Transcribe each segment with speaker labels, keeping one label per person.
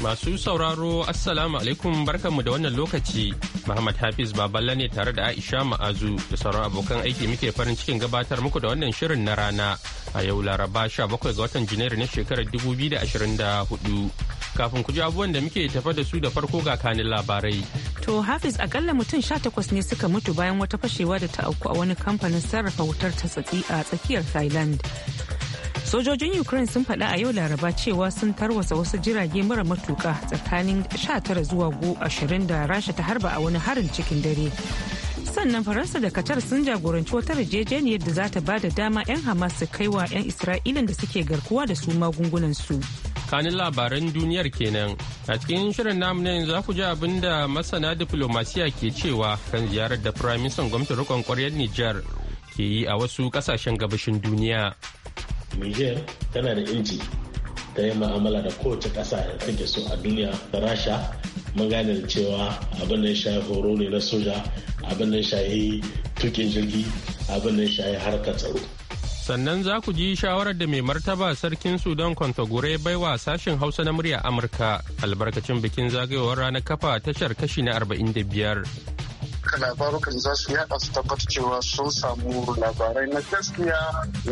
Speaker 1: Masu sauraro Assalamu alaikum barkanmu da wannan lokaci. Muhammad Hafiz Baballa ne tare da Aisha Ma'azu da sauran abokan aiki muke farin cikin gabatar muku da wannan shirin na rana a yau Laraba 17 ga watan Janairu na shekarar 2024. Kafin ku ji abubuwan da muke tafa da su da farko ga kanin labarai.
Speaker 2: To Hafiz akalla mutum 18 ne suka mutu bayan wata fashewa da ta auku a wani kamfanin sarrafa wutar ta tsaki a tsakiyar Thailand. sojojin ukraine sun faɗa a yau laraba cewa sun tarwasa wasu jirage mara matuka tsakanin 19 zuwa 20 da rasha ta harba a wani harin cikin dare sannan faransa da qatar sun jagoranci wata yarjejeniyar da za ta ba da dama 'yan hamas su kai wa 'yan isra'ilan da suke garkuwa da su magungunan su
Speaker 1: kanin labaran duniyar kenan a cikin shirin namu ne za ku ji abin da masana diplomasiya ke cewa kan ziyarar da firaministan gwamnatin rikon kwaryar nijar ke yi a wasu kasashen gabashin duniya
Speaker 3: niger tana da inci ta yi ma'amala da kowace ƙasa da take so a duniya da rasha mun gane da cewa abin da ya shafi horo ne na soja abin da ya shafi tukin jirgi abin da ya shafi harkar tsaro
Speaker 1: sannan za ku ji shawarar da mai martaba sarkin sudan kwantagore baiwa sashen hausa na murya amurka albarkacin bikin zagayowar ranar kafa tashar kashi na 45
Speaker 4: labaru kan za su yada su tabbatar cewa sun samu labarai na gaskiya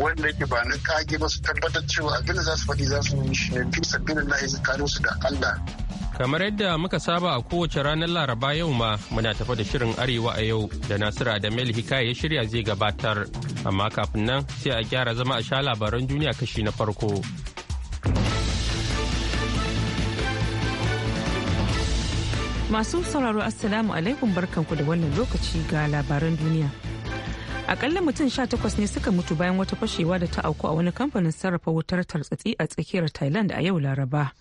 Speaker 4: wanda yake ba na kage ba su tabbatar cewa abin da za su faɗi za su yi shi ne duk sabbin na tsakanin su da Allah.
Speaker 1: Kamar yadda muka saba a kowace ranar Laraba yau ma muna tafa da shirin Arewa a yau da Nasiru da Hikaya ya shirya zai gabatar. Amma kafin nan sai a gyara zama a sha labaran duniya kashi na farko.
Speaker 2: Masu sauraro Assalamu alaikum barkanku da wannan lokaci ga labaran duniya. Akalla mutum sha takwas ne suka mutu bayan wata fashewa da ta auku a wani kamfanin sarrafa wutar tartsatsi a tsakiyar Thailand a yau Laraba.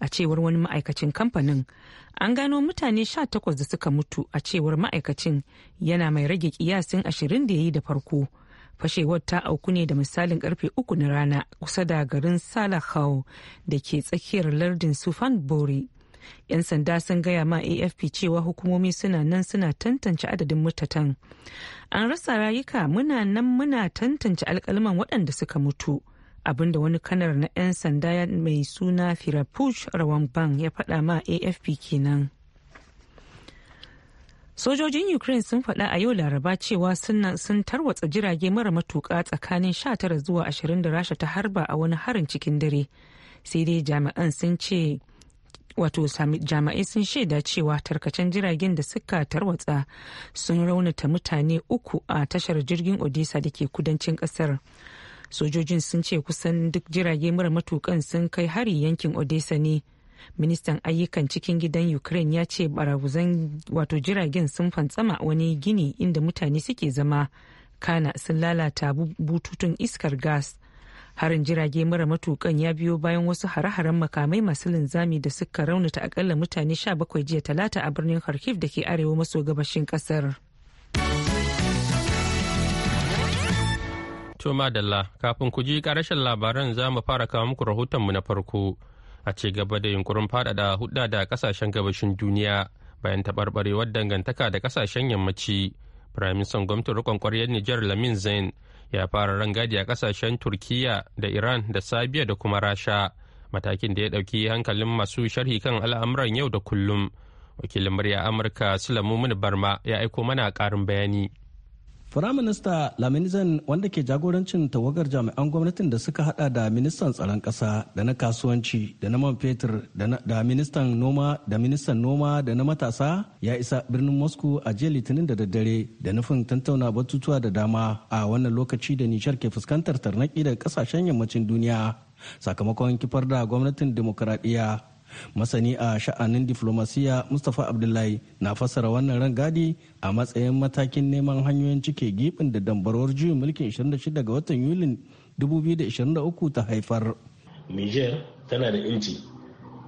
Speaker 2: A cewar wani ma'aikacin kamfanin, an gano mutane sha takwas da suka mutu a cewar ma'aikacin yana mai rage kiyasin ashirin da ya yi da farko. fashewar ta auku ne da misalin karfe uku na rana kusa da garin salahau da ke tsakiyar lardin sufan bori 'yan sanda sun gaya ma afp cewa hukumomi suna nan suna tantance adadin mutatan an rasa rayuka muna nan muna tantance alkaliman waɗanda suka mutu abinda wani kanar na 'yan sanda mai suna firapush rawan ya faɗa ma afp kenan Sojojin Ukraine sun faɗa a yau Laraba cewa sun tarwatsa jirage mara matuƙa tsakanin 19 zuwa 20 da Rasha ta harba a wani harin cikin dare. Sai dai jami'an sun ce wato jami'ai sun shaida cewa tarkacen jiragen da suka tarwatsa sun raunata mutane uku a tashar jirgin odisa da ke kudancin kasar sojojin sun ce kusan duk jirage mara matukan sun kai hari yankin odisa ne ministan ayyukan cikin gidan ukraine ya ce baraguzan wato jiragen sun fantsama wani gini inda mutane suke zama kana sun lalata bututun iskar gas harin jirage mara matukan ya biyo bayan wasu hare-haren makamai masu linzami da suka raunata akalla mutane 17 jiya talata a birnin kharkiv da ke arewa maso gabashin kasar
Speaker 1: to madalla kafin ku ji karashin labaran za mu fara kawo muku rahotonmu na farko a ce gaba da yunkurin faɗaɗa hudda da kasashen gabashin duniya bayan taɓarɓarewar dangantaka da kasashen yammaci firaministan gwamnatin rikon ƙwaryar niger lamin zain ya fara rangadi a kasashen turkiya da iran da sabiya da kuma rasha matakin da ya ɗauki hankalin masu sharhi kan al'amuran yau da kullum wakilin murya amurka sulamu barma ya aiko mana ƙarin bayani
Speaker 5: Firaminista Laminizan wanda ke jagorancin tawagar jami'an gwamnatin da suka hada da ministan tsaron ƙasa da na kasuwanci da na man fetur da ministan noma da ministan noma da na matasa ya isa birnin Moscow a jiya litinin da daddare da nufin tantauna batutuwa da dama a wannan lokaci da nishar ke fuskantar tarnaki daga kasashen yammacin duniya sakamakon kifar da gwamnatin demokuraɗiyya masani a sha'anin diflomasiya mustapha abdullahi na fassara wannan rangadi a matsayin matakin neman hanyoyin cike gibin da dambarwar juyin mulkin 26 ga watan yulin 2023 ta haifar
Speaker 3: niger tana da inci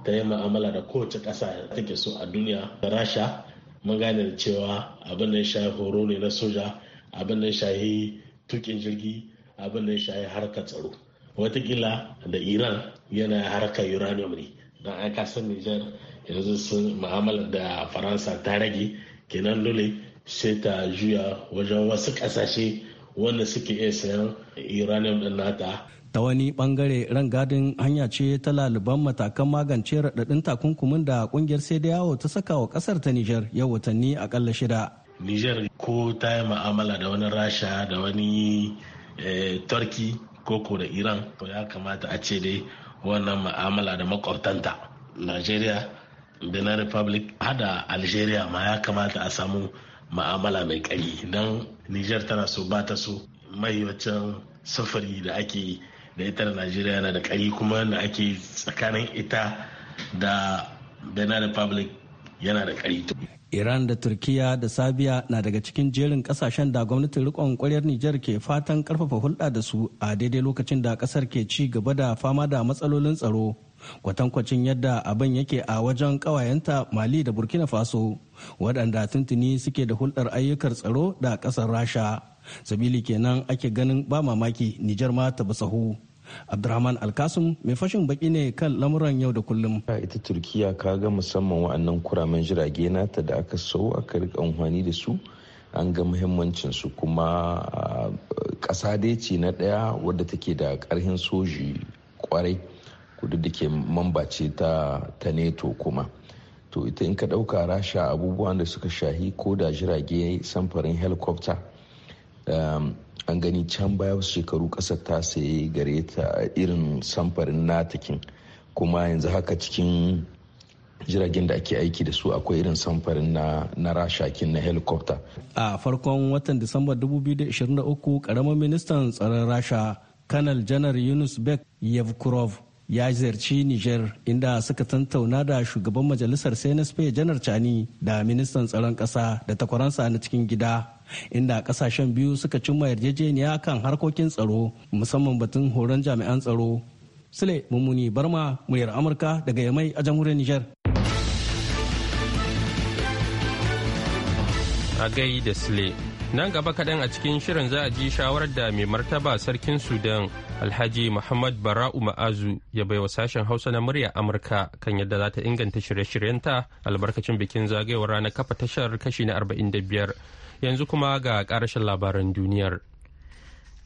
Speaker 3: ta yi ma'amala da kowace ƙasa da ke so a duniya da rasha mun gane da cewa abin da ya shafi horo ne na soja abin da ya shafi tukin jirgi abin da ya shafi harkar tsaro watakila da iran yana harkar uranium ne don aika sun niger Nijar yanzu sun mu'amala da Faransa ta rage kenan dole sai ta juya wajen wasu kasashe wanda suke iya sayan uranium din nata.
Speaker 5: Ta wani bangare rangadin hanya ce ta laliban matakan magance raɗaɗin takunkumin da kungiyar sai da yawo ta saka wa ƙasar ta Nijar yau watanni akalla shida.
Speaker 3: niger ko ta yi mu'amala da wani Rasha da wani eh, Turki koko da Iran to ya kamata a ce dai wannan ma'amala da makwabtanta nigeria benin republic hada algeria ma ya kamata a samu ma'amala mai ƙari don niger tana so ba ta so mai sufuri da ake da ita da najeriya yana da ƙari kuma da ake tsakanin ita da benin republic yana da ƙari
Speaker 5: Iran da Turkiya da Sabiya na daga cikin jerin kasashen da gwamnatin rikon kwaryar Nijar ke fatan karfafa hulɗa da su a daidai lokacin da kasar ke ci gaba da fama da matsalolin tsaro. Kwatankwacin yadda abin yake a wajen ƙawayenta Mali da Burkina Faso, waɗanda tuntuni suke da hulɗar ayyukan tsaro da ƙasar Rasha. Sabili kenan ake ganin ba mamaki Nijar ma ta bi sahu. abdurrahman alkasum mai fashin baki ne kan lamuran yau da kullum
Speaker 6: a ita turkiya ka ga musamman wa'annan kuramen jirage nata da aka so aka rika amfani da su an ga muhimmancin su kuma ƙasa dai ce na ɗaya wadda take da ƙarhin soji kwarai kudu da ke mambace ta ta neto kuma to ita in ka ɗauka rasha abubuwan da suka shahi ko da jirage samfarin helicopter um, an gani can baya wasu shekaru ƙasar ta saye gare ta irin samfarin natakin kuma yanzu haka cikin jiragen da ake aiki da su akwai irin samfarin na, na rashakin na helicopter.
Speaker 5: a farkon watan disamba 2023 karamin ministan tsaron rasha kanal janar yunus bek yevkurov ya ziyarci niger inda suka tantauna da shugaban majalisar senespe janar chani da ministan tsaron ƙasa da takwaransa na cikin gida inda kasashen biyu suka cimma yarjejeniya kan harkokin tsaro musamman batun horon jami'an tsaro sule mummuni barma muryar amurka daga yamai a jamhuriyar niger
Speaker 1: a gai da nan gaba kaɗan a cikin shirin za a ji shawarar da mai martaba sarkin sudan alhaji muhammad bara'u ma'azu ya baiwa sashen hausa na murya amurka kan yadda za ta inganta shirye-shiryenta albarkacin bikin zagayowar ranar kafa tashar kashi na 45 yanzu kuma ga karshen labaran duniyar.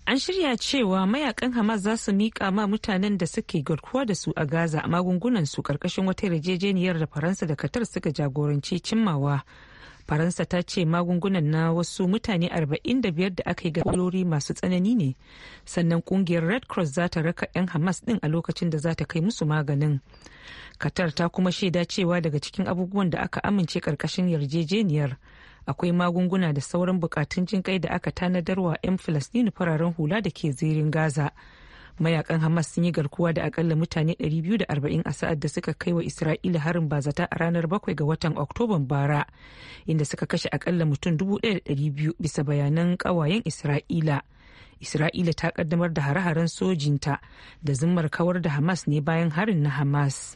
Speaker 2: An shirya cewa mayakan Hamas za su miƙa ma mutanen da suke garkuwa da su a Gaza magungunan su karkashin wata yarjejeniyar da Faransa da Qatar suka jagoranci cimmawa. Faransa ta ce magungunan na wasu mutane 45 da aka yi ga kalori masu tsanani ne, sannan kungiyar Red Cross za ta raka 'yan Hamas ɗin a lokacin da za ta kai musu maganin. Qatar ta kuma shaida cewa daga cikin abubuwan da aka amince ƙarƙashin yarjejeniyar akwai magunguna da sauran bukatun jin kai da aka tanadarwa 'yan filistini fararen hula da ke zirin Gaza. Mayakan Hamas sun yi garkuwa da akalla mutane 240 a sa'ad da suka kai wa Isra'ila harin bazata a ranar 7 ga watan Oktoban bara, inda suka kashe akalla mutum 1,200 bisa bayanan ƙawayen Isra'ila. Isra'ila ta kaddamar da hare-haren sojinta da zimmar kawar da Hamas ne bayan harin na Hamas.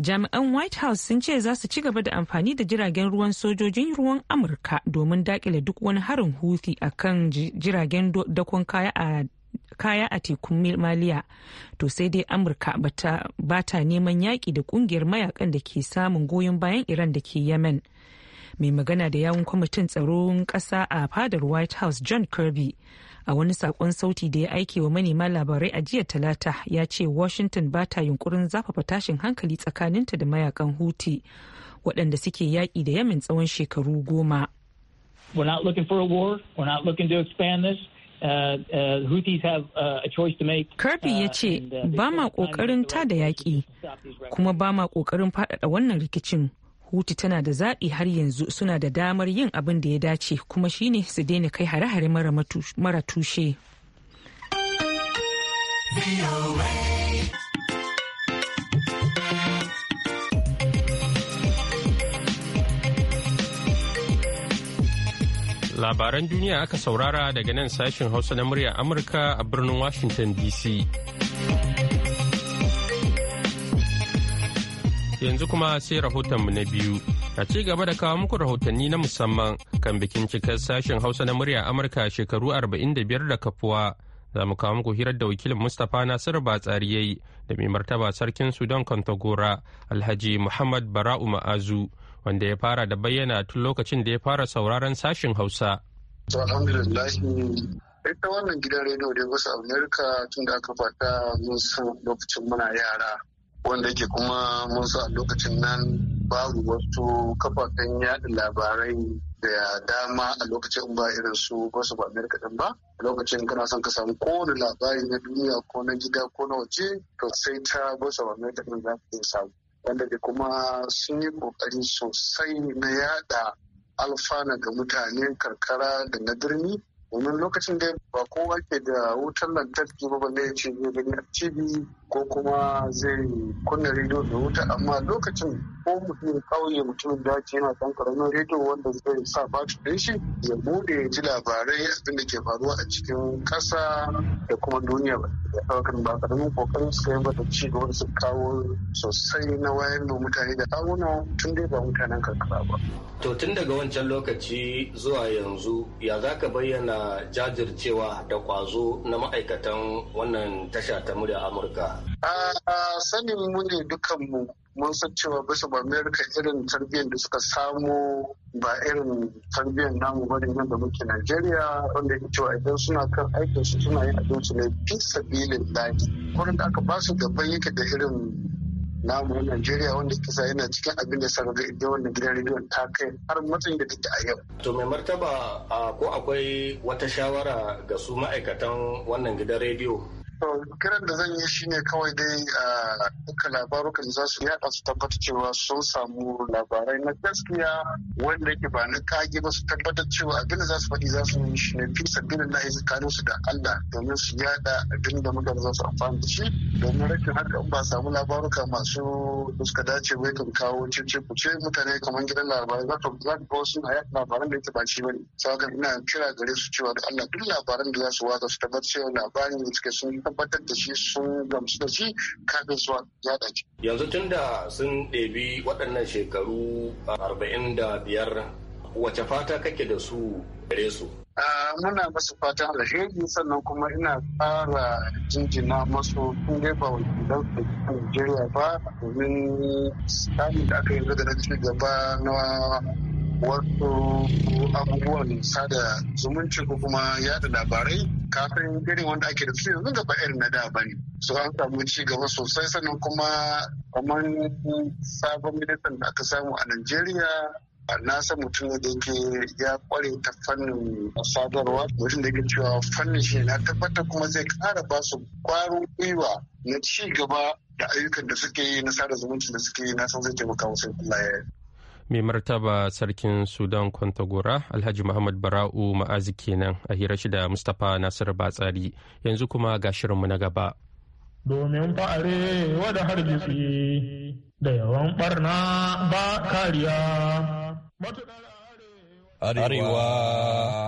Speaker 2: jami'an white house sun ce za su ci gaba da amfani da jiragen ruwan sojojin ruwan amurka domin dakile duk wani harin huthi a kan jiragen dakon kaya a tekun maliya to sai dai amurka ba ta neman yaƙi da ƙungiyar mayakan da ke samun goyon bayan iran da ke yemen mai magana da yawun kwamitin tsaron ƙasa a fadar white house john kirby a wani sakon sauti da ya aike wa manema labarai a jiya talata ya ce washington ba ta yunkurin zafafa tashin hankali tsakaninta da mayakan huti waɗanda suke yaƙi da yamin tsawon shekaru goma uh, uh, uh, Kirby ya ce ba ma ƙoƙarin ta da yaƙi kuma ba ma ƙoƙarin faɗaɗa wannan rikicin huti tana da zaɓi har yanzu suna da damar yin abin da ya dace kuma shine su daina kai hare-hare mara tushe
Speaker 1: labaran duniya aka saurara daga nan sashen hausa na murya amurka a birnin washington dc Yanzu kuma sai rahoton mu na biyu. A ci gaba da kawo muku rahotanni na musamman kan bikin cikar sashen Hausa na murya Amurka shekaru 45 da kafuwa. Za mu kawo muku hirar da wakilin Mustapha Nasiru Batsari yayi da mai martaba sarkin Sudan Kontagora Alhaji Muhammad Bara'u Ma'azu wanda ya fara da bayyana tun lokacin da ya fara sauraron sashen Hausa.
Speaker 4: Alhamdulillah ita wannan gidan rediyo da wasu amurka tun da aka fata musu lokacin muna yara wanda ke kuma mun sa lokacin nan babu wasu kafafen yada labarai da dama a lokacin ba irin su ba su ba amerika din ba lokacin kana son ka samu kowane labari na duniya ko na gida ko na waje to sai ta ba su ba amerika din za ka samu wanda da kuma sun yi kokari sosai na yada alfana ga mutane karkara da na birni domin lokacin da ba kowa ke da wutar lantarki ba ba ya ce da ne a cibi ko kuma zai kunna rediyo da wuta amma lokacin ko mutum kauye mutumin daji yana ɗan karamin rediyo wanda zai sa batirin shi ya bude ya ji labarai abin da ke faruwa a cikin ƙasa da kuma duniya ba ɗaukar ba karamin kokarin su kai da ci gaba da su kawo sosai na wayar da mutane da kawuna tun dai ba mutanen karkara ba. to tun
Speaker 3: daga wancan lokaci zuwa yanzu ya za ka bayyana jajircewa da kwazo na ma'aikatan wannan tasha ta murya amurka
Speaker 4: A sanin mu ne dukanmu mun san cewa bisa ba Amerika irin tarbiyyar da suka samu ba irin tarbiyyar namu ba ne da muke Najeriya wanda ya cewa idan suna kan aikin su suna yin abin su ne fi sabilin daji. Wurin da aka basu gaban yake da irin namu na Najeriya wanda kisa yana cikin abin da sarrafa idan wanda gidan rediyon ta kai har matsayin da take a yau. To mai martaba ko akwai wata shawara ga su ma'aikatan wannan gidan rediyo kiran da zan yi shine kawai dai a duka labarukan za su yada su tabbata cewa sun samu labarai na gaskiya wanda yake ba na kage ba su tabbatar cewa abin da za su faɗi za su yi shi ne fi sabbin da ya tsakanin su da Allah domin su yada abin da mutane za su amfani da shi domin rashin haka ba samu labaruka masu suka dace bai kan kawo cece kuce mutane kamar gidan labarai za ka za ka wasu na yada labaran da yake ba shi bane saboda ina kira gare su cewa da Allah duk labaran da za su watsa su tabbatar cewa labarin da suke sun tabbatar da shi sun gamsu da shi kafin su ya dace.
Speaker 3: Yanzu tun da sun ɗebi waɗannan shekaru arba'in da biyar
Speaker 4: wace fata kake da su gare su? Muna masu fatan alheri sannan kuma ina fara jinjina masu sun dai ba wakilan su Najeriya ba domin tsarin da aka yi da gaba na wasu abubuwan sada zumunci ko kuma yada labarai kafin irin wanda ake da su yanzu gaba irin na da ba ne su an samu ci gaba sosai sannan kuma kamar sabon ministan da aka samu a Najeriya nasa mutum da yake ya kware ta fannin sadarwa mutum da yake cewa fannin shi na tabbatar kuma zai kara ba su kwarin gwiwa na ci gaba da ayyukan da suke yi na sada zumunci da suke yi na san zai taimaka wasu Allah
Speaker 1: mai martaba sarkin sudan kwantagora alhaji muhammad bara'u ma'azi kenan a hira shi da mustapha nasiru batsari yanzu kuma ga shirinmu na gaba domin fa'are wadda hargitsi da yawan barna ba kariya
Speaker 7: arewa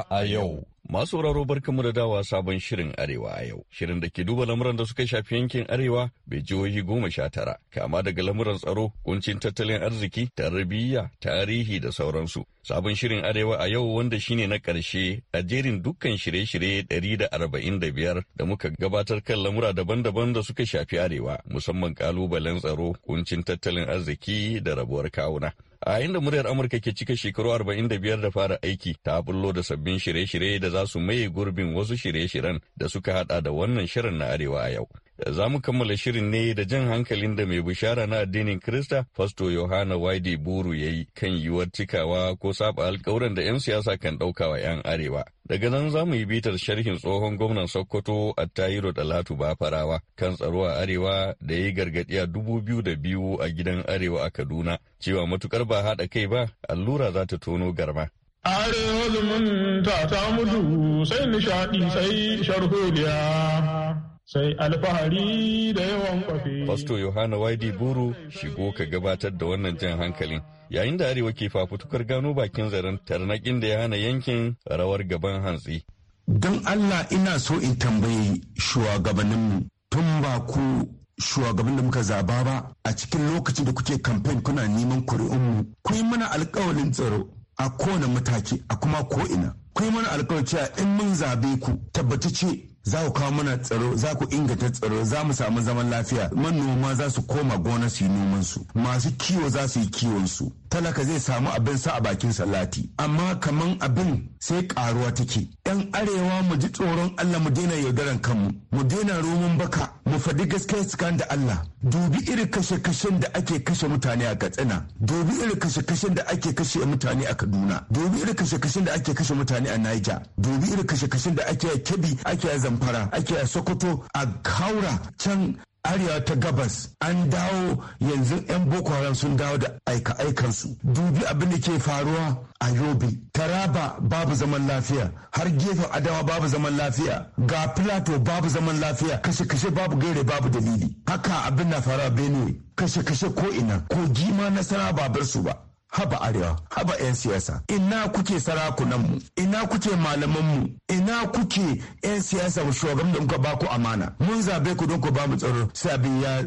Speaker 7: a yau Masu wuraro bar kamar da dawa sabon shirin Arewa a yau. Shirin da ke duba lamuran da suka shafi yankin Arewa bai jihohi goma sha tara, kama daga lamuran tsaro, kuncin tattalin arziki, tarbiyya, tarihi da sauransu. Sabon shirin Arewa a yau wanda shine na ƙarshe a jerin dukkan shirye-shirye ɗari da arba'in da biyar da muka gabatar kan lamura daban-daban da suka shafi Arewa, musamman ƙalubalen tsaro, kuncin tattalin arziki da rabuwar kawuna. a inda muryar Amurka ke cika shekaru 45 da fara aiki ta bullo da sabbin shirye-shirye da za su maye gurbin wasu shirye shiren da suka hada da wannan shirin na Arewa a yau. Za mu kammala shirin ne da jan hankalin da mai bishara na addinin Krista, Fasto Yohana Waide Buru ya yi kan yiwuwar cikawa ko saba alkawuran da 'yan siyasa kan wa 'yan arewa. Daga nan za mu yi bitar sharhin tsohon gwamnan Sokoto a Tairo Dalatu Bafarawa kan tsaro a arewa da ya yi gargaɗi a dubu biyu da biyu a gidan arewa a Kaduna, cewa matukar ba haɗa kai ba, allura za ta tono garma.
Speaker 1: Arewa zumunta ta mutu sai nishaɗi sai
Speaker 8: sharholiya. sai alfahari da yawan kwafi.
Speaker 7: Pastor Yohana Waidi Buru shigo ka gabatar da wannan jan hankalin. Yayin da Arewa ke fafutukar gano bakin zaren tarnakin da ya hana yankin rawar gaban hantsi.
Speaker 6: Don Allah ina so in tambayi shugabanninmu tun ba ku shugaban da muka zaba ba a cikin lokacin da kuke kamfen kuna neman kuri'unmu. Ku yi mana alkawalin tsaro a kowane mataki a kuma ko'ina. Kuyi mana alkawalin cewa in mun zabe ku tabbaci ce za ku kawo mana tsaro za ku inganta tsaro za mu samu zaman lafiya manoma za su koma gona su yi noman su masu kiwo za su yi kiwon su talaka zai samu abin sa a bakin salati amma kaman abin sai karuwa take yan arewa mu ji tsoron Allah mu daina yaudaran kanmu mu daina roman baka mu faɗi gaskiya tsakanin da Allah dubi irin kashe-kashen da ake kashe mutane a Katsina dubi irin kashe-kashen da ake kashe mutane a Kaduna dubi irin kashe-kashen da ake kashe mutane a Niger dubi irin kashe-kashen da ake Kebbi ake Zamfara zamfara ake a sokoto a kaura can arewa ta gabas an dawo yanzu 'yan boko haram sun dawo da aika-aikansu dubi abin da ke faruwa a yobe taraba babu zaman lafiya har gefen adawa babu zaman lafiya ga plato babu zaman lafiya kashe-kashe babu gaire babu dalili haka abin na faruwa benue kashe-kashe ko ina ko gima nasara ba bar su ba haba arewa haba 'yan siyasa ina kuke sarakunanmu ina kuke malamanmu ina kuke 'yan siyasa shugaban da muka ba ku amana mun zabe ku don ku ba mu tsaro sabi ya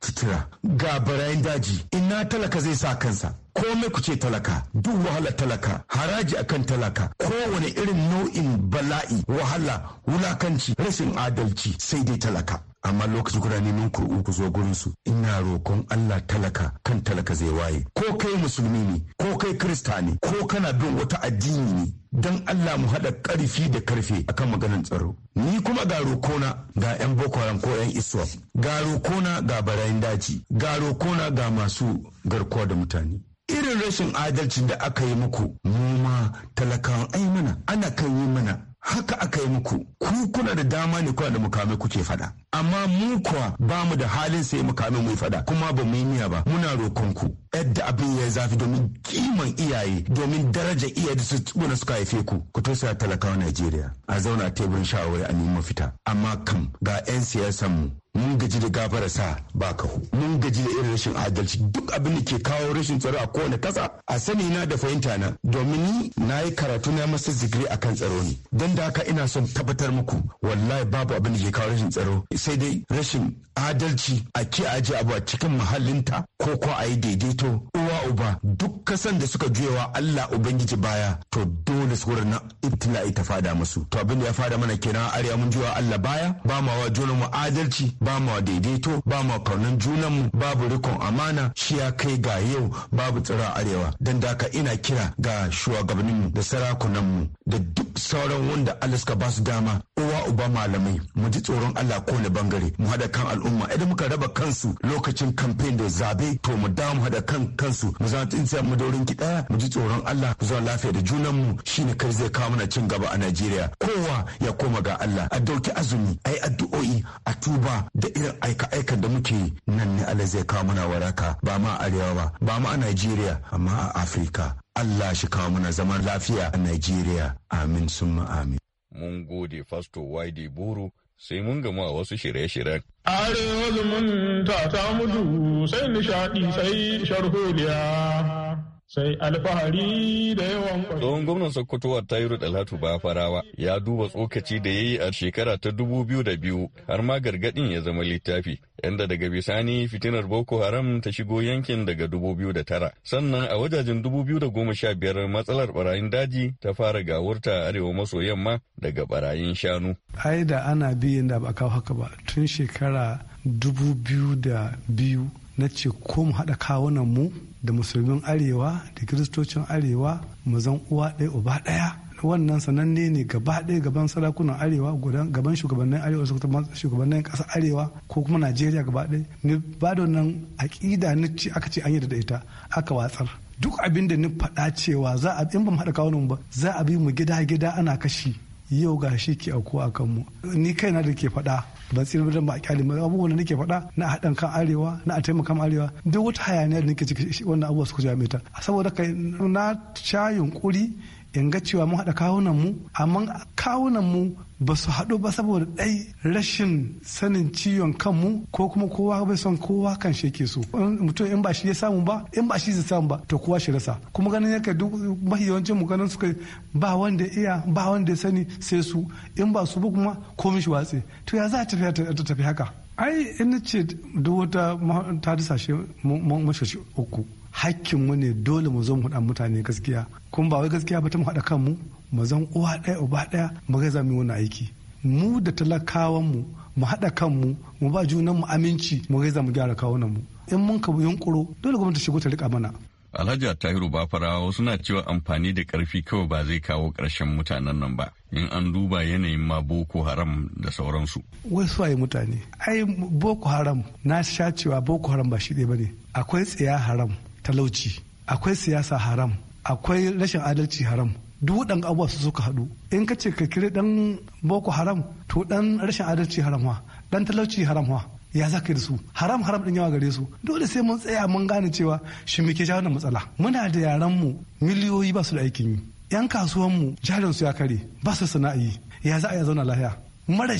Speaker 6: tutura ga barayin daji ina talaka zai sa kansa komai ku ce talaka duk wahala talaka haraji akan talaka kowane irin nau'in bala'i wahala wulakanci rashin adalci sai dai talaka amma lokaci kuna neman kur'u ku zo gurin su ina rokon Allah talaka kan talaka zai waye ko kai musulmi ne ko kai krista ne ko kana bin wata addini ne dan Allah mu haɗa ƙarfi da karfe akan maganar tsaro ni kuma ga na ga 'yan boko haram ko 'yan iswa. ga na ga barayin daji ga na ga masu garkuwa da mutane irin rashin adalcin da aka yi muku mu ma talakawan ai mana ana kan yi mana haka aka yi muku ku kuna da dama ne kuna da mukamai kuke fada amma mu kuwa ba mu da halin sai mukamai mu fada kuma ba mu yi miya ba muna roƙon ku yadda abin ya zafi domin kiman iyaye domin daraja iyaye da su tsibuna suka haife ku ku tausaya talakawa Najeriya a zauna teburin shawarwari a nemi mafita amma kam ga 'yan siyasan mu gaji da gafara sa ba ka mun gaji da irin rashin adalci duk abin da ke kawo rashin tsaro a kowane kasa a sani na da fahimta na domin ni na yi karatu na masa zikiri kan tsaro ne don da haka ina son tabbatar muku wallahi babu abin da ke kawo rashin tsaro sai dai rashin adalci a ke aji abu a cikin muhallinta ko ko a yi daidaito uwa uba duk kasan da suka juyawa Allah ubangiji baya to dole su na ibtila'i ta fada musu to abin da ya fada mana kenan arewa mun juya Allah baya ba ma wa juna mu adalci ba ma a daidaito ba ma kaunan mu babu rikon amana shi ya kai ga yau babu tsira arewa dan daka ina kira ga shugabanninmu da sarakunanmu da duk sauran wanda Allah suka ba su dama uwa uba malamai mu ji tsoron Allah ko ne bangare mu hada kan al'umma idan muka raba kansu lokacin kamfen da zabe to mu da mu hada kan kansu mu za tsintsiya mu dorin ki mu ji tsoron Allah mu zo lafiya da junan junanmu shine kai zai kawo mana cin gaba a Najeriya kowa ya koma ga Allah a dauki azumi ai addu'o'i a tuba da irin aika-aikan da muke nan ne Allah zai kawo mana waraka ba ma a arewa ba ba ma a Najeriya amma a Afirka Allah shi kawo mana zaman lafiya a Najeriya amin summa amin
Speaker 7: mun gode fasto Wide Buru sai mun gamu a wasu shirye-shiryen.
Speaker 1: Arewa zumunta ta mudu, sai nishaɗi sai sharholiya. sai alfahari da yawan
Speaker 7: Tsohon gwamnan Sokoto Tayiru Dalatu Bafarawa ya duba tsokaci da ya yi a shekara ta dubu biyu da biyu har ma gargadin ya zama littafi. Yanda daga bisani fitinar Boko Haram ta shigo yankin daga dubu biyu da tara. Sannan a wajajen dubu biyu da goma sha biyar matsalar barayin daji ta fara gawurta arewa maso yamma daga barayin shanu.
Speaker 9: Ai da ana biyan da ba kawo haka ba tun shekara dubu biyu da biyu na ce ko mu haɗa kawunan mu da musulmin arewa da kiristocin arewa mu zan uwa ɗaya uba ɗaya wannan sananne ne gaba ɗaya gaban sarakunan arewa gaban shugabannin arewa shugabannin ƙasar arewa ko kuma najeriya gaba ɗaya ni ba da wannan aƙida ni ce aka ce an yi da ita aka watsar duk abin da ni faɗa cewa za a in ba mu haɗa kawunan ba za a bi mu gida gida ana kashi yau ga shi ke auku a kanmu ni kai na da ke faɗa ban tsira da ba a kyali ma abubuwan da nake faɗa na haɗin kan arewa na a taimaka arewa duk wata hayaniya da nake ciki wannan abubuwa suka jami ta saboda kai na sha yunƙuri in ga cewa mun haɗa kawunan mu amma kawunan mu ba su haɗu ba saboda ɗai rashin sanin ciwon kanmu ko kuma kowa bai son kowa kan sheke su so mutum in ba shi ya samu ba in ba shi zai samu ba to kowa shi rasa kuma ganin yake duk mafi yawancin mu ganin suka ba wanda iya ba wanda ya sani sai su in ba su ba kuma komai shi watsi to ya za a tafi ta tafi haka ai in ce duk wata ta dasa shi uku hakkinmu ne dole mu zo mu haɗa mutane gaskiya kuma ba wai gaskiya ba ta mu haɗa kanmu mu zan uwa ɗaya uba ɗaya mu ga za yi wani aiki mu da talakawanmu mu haɗa kanmu mu ba junanmu aminci mu ga mu gyara kawunanmu in mun ka yunƙuro dole gwamnati shigo ta riƙa mana
Speaker 7: Alhaji Tahiru Bafarawa suna cewa amfani da karfi kawai ba zai kawo karshen mutanen nan ba in an duba yanayin ma Boko Haram da sauransu.
Speaker 9: Wai suwaye mutane, ai Boko Haram na sha cewa Boko Haram ba shi ɗaya ba ne, akwai tsaya haram talauci akwai siyasa haram akwai rashin adalci haram duk waɗanda abubuwa su suka haɗu in ka ce ka kiri ɗan boko haram to dan rashin adalci haram wa ɗan talauci haram wa ya za ka da su haram haram ɗin yawa gare su dole sai mun tsaya mun gane cewa shi ke jawo matsala muna da yaran mu miliyoyi ba su da aikin yi yan kasuwan mu jarin su ya kare ba su sana'i ya za a iya zauna lahiya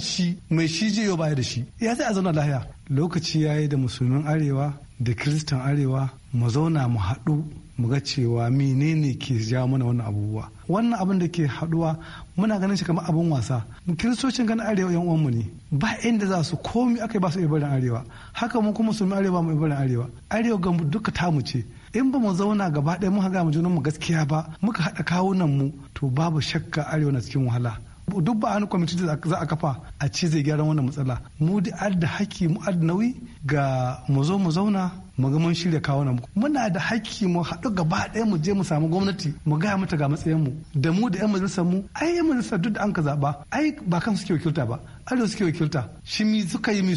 Speaker 9: shi mai shi je yau baya da shi ya za a zauna lahiya lokaci ya yi da musulmin arewa da kiristan arewa mu zauna mu haɗu mu ga cewa menene ke ja mana wannan abubuwa wannan abin da ke haɗuwa muna ganin shi kamar abin wasa kiristocin ganin arewa yan uwanmu ne ba inda za su komi aka ba su ibarin arewa haka mu kuma su arewa mu ibarin arewa arewa ga duka tamu ce in ba mu zauna gaba ɗaya mu haga mu junan mu gaskiya ba muka haɗa kawunan mu to babu shakka arewa na cikin wahala duk ba an kwamiti da za a kafa a ce zai gyara wannan matsala mu da adda haƙƙi mu adda nauyi ga mu zo mu zauna mu ga mun shirya kawo nan muna da haƙƙi mu haɗu gaba ɗaya mu je mu samu gwamnati mu gaya mata ga matsayin mu da mu da 'yan majalisar mu ai 'yan majalisar duk da an ka zaɓa ai ba kan suke wakilta ba arewa suke wakilta shi mi suka yi mi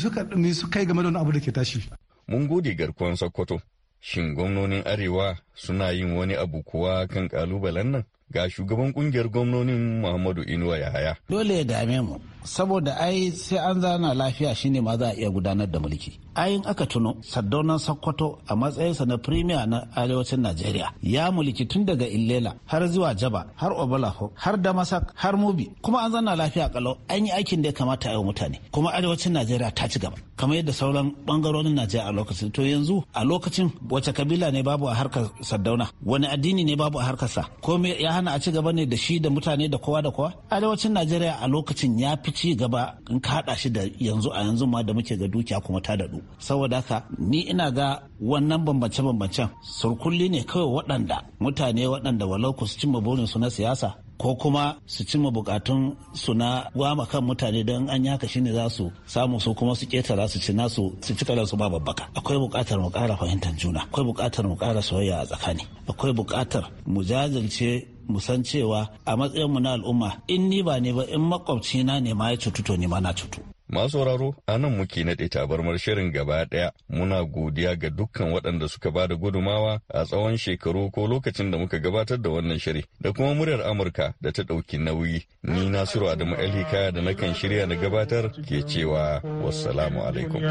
Speaker 9: suka yi game da wani abu da ke tashi.
Speaker 7: mun gode garkuwan sokoto shin gwamnonin arewa suna yin wani abu kuwa kan ƙalubalen nan ga shugaban kungiyar gwamnonin Muhammadu Inuwa Yahaya. Dole ya dame mu, saboda
Speaker 8: ai sai an zana lafiya shine ma za a iya gudanar da mulki. Ayin aka tuno, Sardaunan Sokoto a matsayinsa na Premier na Arewacin Najeriya ya mulki tun daga Illela har zuwa Jaba, har Obalafo, har Damasak, har Mubi, kuma an zana lafiya kalau an yi aikin da ya kamata a yi mutane. Kuma Arewacin Najeriya ta ci gaba, kamar yadda sauran bangarorin Najeriya a lokacin. To yanzu a lokacin wace kabila ne babu a harkar Sardauna, wani addini ne babu a harkarsa, ko ya hana a ci gaba ne da shi da mutane da kowa da kowa arewacin najeriya a lokacin ya fi ci gaba in ka haɗa shi da yanzu a yanzu ma da muke ga dukiya kuma ta daɗu saboda haka ni ina ga wannan bambance-bambancen surkulli ne kawai waɗanda mutane waɗanda walau ku su cimma burinsu na siyasa ko kuma su cima bukatun su na gwama kan mutane don an yi haka shine za su samu su kuma su ketara su ci nasu su ci su ba babbaka akwai bukatar mu kara fahimtar juna akwai bukatar mu kara soyayya a tsakani akwai bukatar mu jajirce mu san cewa a matsayin mu na al'umma in ni ba ne ba in makwabci na ne ma ya cutu to ni ma na
Speaker 7: cutu Masu sauraro a nan muke naɗe tabarmar shirin gaba ɗaya muna godiya ga dukkan waɗanda suka ba da gudumawa a tsawon shekaru ko lokacin da muka gabatar da wannan shiri da kuma muryar Amurka da ta ɗauki nauyi. Ni Nasiru Adamu Alhikaya da nakan shirya da gabatar ke cewa wassalamu alaikum.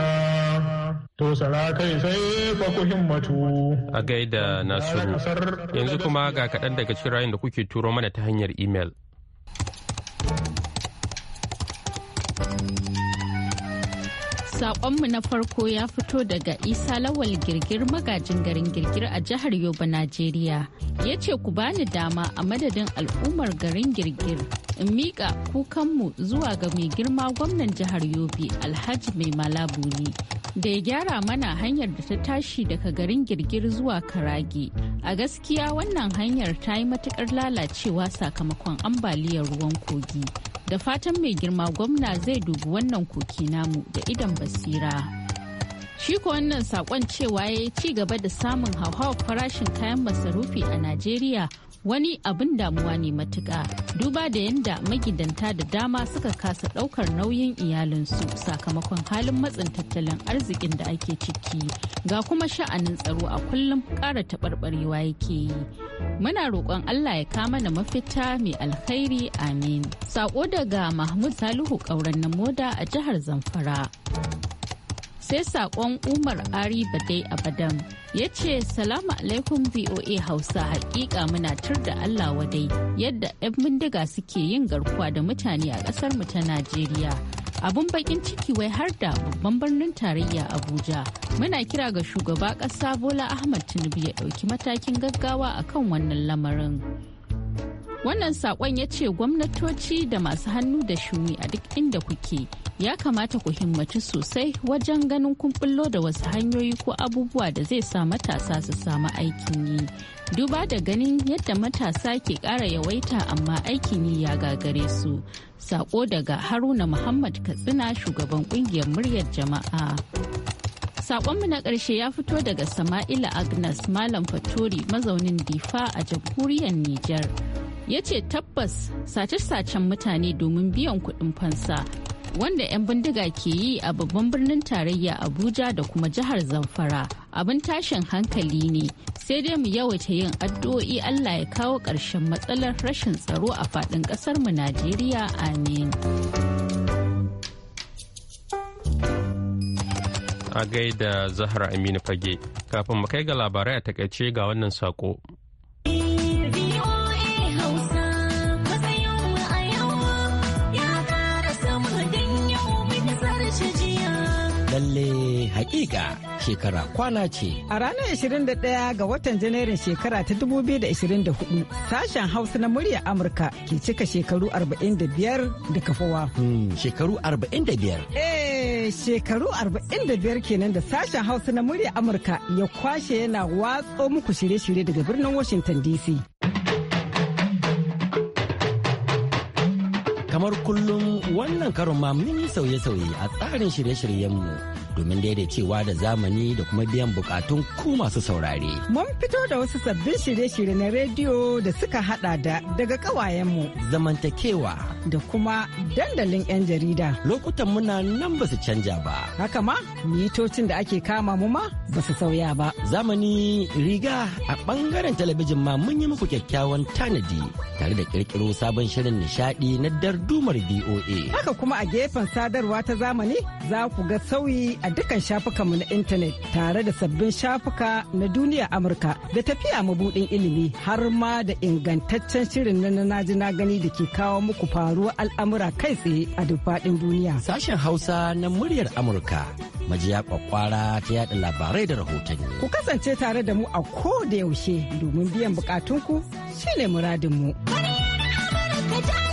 Speaker 1: To salakai sai fa ku himmatu. A gaida Nasiru. Yanzu kuma ga kaɗan daga cikin rayuwar da kuke turo mana ta hanyar imel.
Speaker 10: Sakonmu na farko ya fito daga Isa Lawal Girgir magajin garin Girgir a jihar Yobe, Najeriya. Ya ce ku bani dama a madadin al'ummar garin Girgir. In miƙa kukanmu zuwa ga mai girma gwamnan jihar Yobe Alhaji Mai Malabuni. Da ya gyara mana hanyar da ta tashi daga garin Girgir zuwa karagi A gaskiya wannan hanyar ta yi matukar lalacewa sakamakon ambaliyar ruwan kogi. da fatan mai girma gwamna zai dubi wannan koki namu da idan basira. Shi ko wannan saƙon cewa ya ci gaba da samun hauhawar farashin kayan masarufi a Najeriya wani abin damuwa ne matuƙa duba da yadda magidanta da dama suka kasa ɗaukar nauyin iyalinsu sakamakon halin matsin tattalin arzikin da ake ciki ga kuma sha'anin tsaro a kullum ƙara taɓarɓarewa yake yi muna roƙon allah ya kama na mafita mai alkhairi amin saƙo daga mahmud salihu ƙauren na moda a jihar zamfara sai sakon umar ari badai abadan ya ce salamu alaikum voa hausa hakika muna tur da allah wadai yadda 'yan bindiga suke yin garkuwa da mutane a kasar mu ta najeriya abun bakin ciki wai har da babban birnin tarayya abuja muna kira ga shugaba ƙasa bola ahmad tinubu ya ɗauki matakin gaggawa akan wannan lamarin wannan sakon ya ce gwamnatoci da masu hannu da shuni a duk inda kuke ya kamata ku himmatu sosai wajen ganin kun bullo da wasu hanyoyi ko abubuwa da zai sa matasa su samu aikin yi duba da ganin yadda matasa ke kara yawaita amma aikin yi ya gagare su sako daga haruna muhammad katsina shugaban kungiyar muryar jama'a Sakonmu na ƙarshe ya fito daga Sama'ila Agnes Malam Fatori mazaunin Difa a jamhuriyar Nijar. Ya ce tabbas sace-sacen mutane domin biyan kuɗin fansa wanda 'yan bindiga ke yi a babban birnin tarayya abuja da kuma jihar zamfara abin tashin hankali ne sai dai mu yawaita yin addu'o'i allah ya kawo ƙarshen matsalar rashin tsaro a faɗin mu najeriya amin
Speaker 1: a gaida zahra aminu fage kafin mu kai ga labarai a takaice ga wannan saƙo.
Speaker 11: hakika shekara kwana ce. A ranar 21 ga watan Janairun shekara ta 2024 sashen Hausa na murya Amurka ke cika shekaru 45 da kafawa. Hmm, shekaru 45? Eh, shekaru 45 kenan da sashen Hausa na murya Amurka ya kwashe yana watso muku shirye-shirye daga birnin Washington DC. Kamar kullum wannan karon ma mun yi sauye-sauye a tsarin shirye-shiryenmu. domin daidaicewa da zamani da kuma biyan bukatun ku masu saurare. Mun fito da wasu sabbin shirye-shirye na rediyo da suka hada da daga kawayenmu. Zamantakewa. Da kuma dandalin 'yan jarida. Lokutan muna nan ba su canja ba. Haka ma, mitocin da ake kama mu ma ba su sauya ba. Zamani riga a bangaren talabijin ma mun yi muku kyakkyawan tanadi tare da kirkiro sabon shirin nishadi na dardumar VOA. Haka kuma a gefen sadarwa ta zamani za ku ga sauyi a dukkan shafukanmu na intanet tare da sabbin shafuka na duniya Amurka da tafiya mabudin ilimi har ma da ingantaccen shirin na naji na gani da ke kawo muku faruwa al'amura kai tsaye a duk faɗin duniya. Sashen Hausa na muryar Amurka majiya kwakwara ta yada labarai da rahotanni. Ku kasance tare da mu a ko da yaushe domin biyan bukatunku shine muradinmu.
Speaker 1: Muryar Amurka ta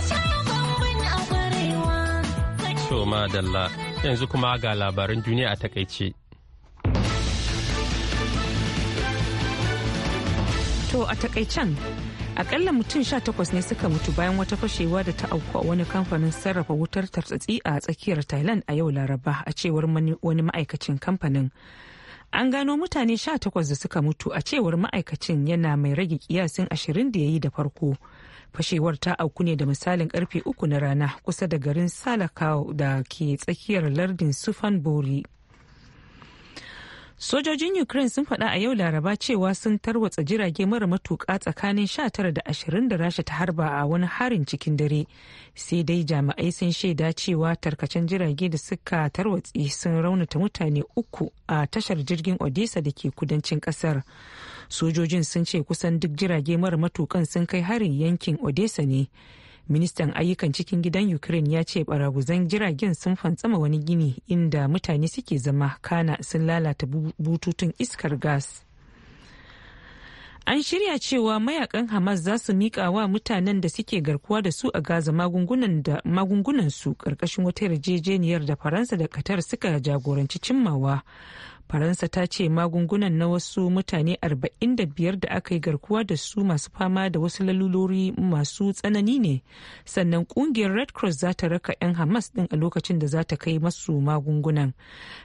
Speaker 1: sha a Yanzu kuma ga labaran duniya a takaice.
Speaker 2: To a takaicen akalla mutum sha takwas ne suka mutu bayan wata fashewa da ta auku a wani kamfanin sarrafa wutar tartsatsi a tsakiyar Thailand a yau Laraba a cewar wani ma'aikacin kamfanin. An gano mutane sha takwas da suka mutu a cewar ma'aikacin yana mai rage kiyasin ashirin da ya yi da farko. fashewar ta auku ne da misalin karfe uku na rana kusa da garin salakau da ke tsakiyar lardin sufan bori Sojojin Ukraine sun faɗa a yau Laraba cewa sun tarwatsa jirage mara matuƙa tsakanin 19 da 20 da Rasha ta harba a wani harin cikin dare. Sai dai jami'ai sun shaida cewa tarkacen jirage da suka tarwatsi sun raunata mutane uku a tashar jirgin Odessa da ke kudancin ƙasar. Sojojin sun ce kusan duk jirage mara matuƙan sun kai harin yankin Odessa ne. ministan ayyukan cikin gidan ukraine ya ce baraguzan jiragen sun fantsama wani gini inda mutane suke zama kana sun lalata bututun iskar gas an shirya cewa mayakan hamas za su miƙa wa mutanen da suke garkuwa da su a gaza magungunan su ƙarƙashin wata yarjejeniyar da faransa da qatar suka jagoranci cimmawa faransa ta ce magungunan na wasu mutane 45 da aka yi garkuwa da su masu fama da wasu lalulori masu tsanani ne sannan kungiyar red cross za ta raka 'yan hamas din a lokacin da za ta kai masu magungunan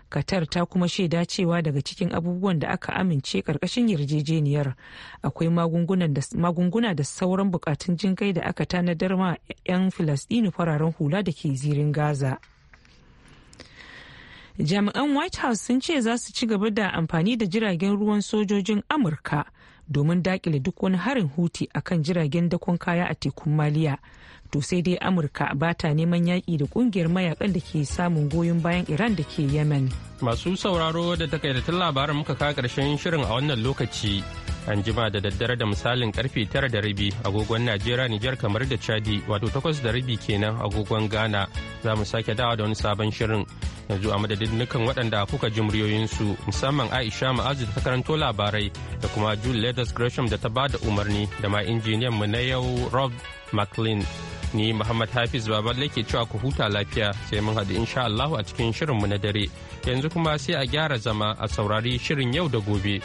Speaker 2: qatar ta kuma shaida cewa daga cikin abubuwan da aka amince karkashin yarjejeniyar akwai magunguna da sauran bukatun jinkai da aka tanadar ma 'yan filastinu fararen hula da ke zirin gaza. jami'an white house sun ce za su ci gaba da amfani da jiragen ruwan sojojin amurka domin dakile duk wani harin huti akan jiragen dakon kaya a tekun maliya to sai dai amurka ba ta neman yaƙi da ƙungiyar mayakan da ke samun goyon bayan iran da ke yemen
Speaker 1: masu sauraro da takaitattun labarin muka kawo ƙarshen shirin a wannan lokaci an jima da daddare da misalin karfe tara da rabi agogon najeriya nijar kamar da chadi wato takwas da rabi kenan agogon ghana za mu sake dawa da wani sabon shirin yanzu a madadin nukan waɗanda kuka ji muryoyinsu musamman aisha ma'azu da ta karanto labarai da kuma jule leathers gresham da ta ba da umarni da ma injiniyan mu na yau rob mclean ni muhammad hafiz baballe ke cewa ku huta lafiya sai mun haɗu insha allahu a cikin shirin mu na dare yanzu kuma sai a gyara zama a saurari shirin yau da gobe.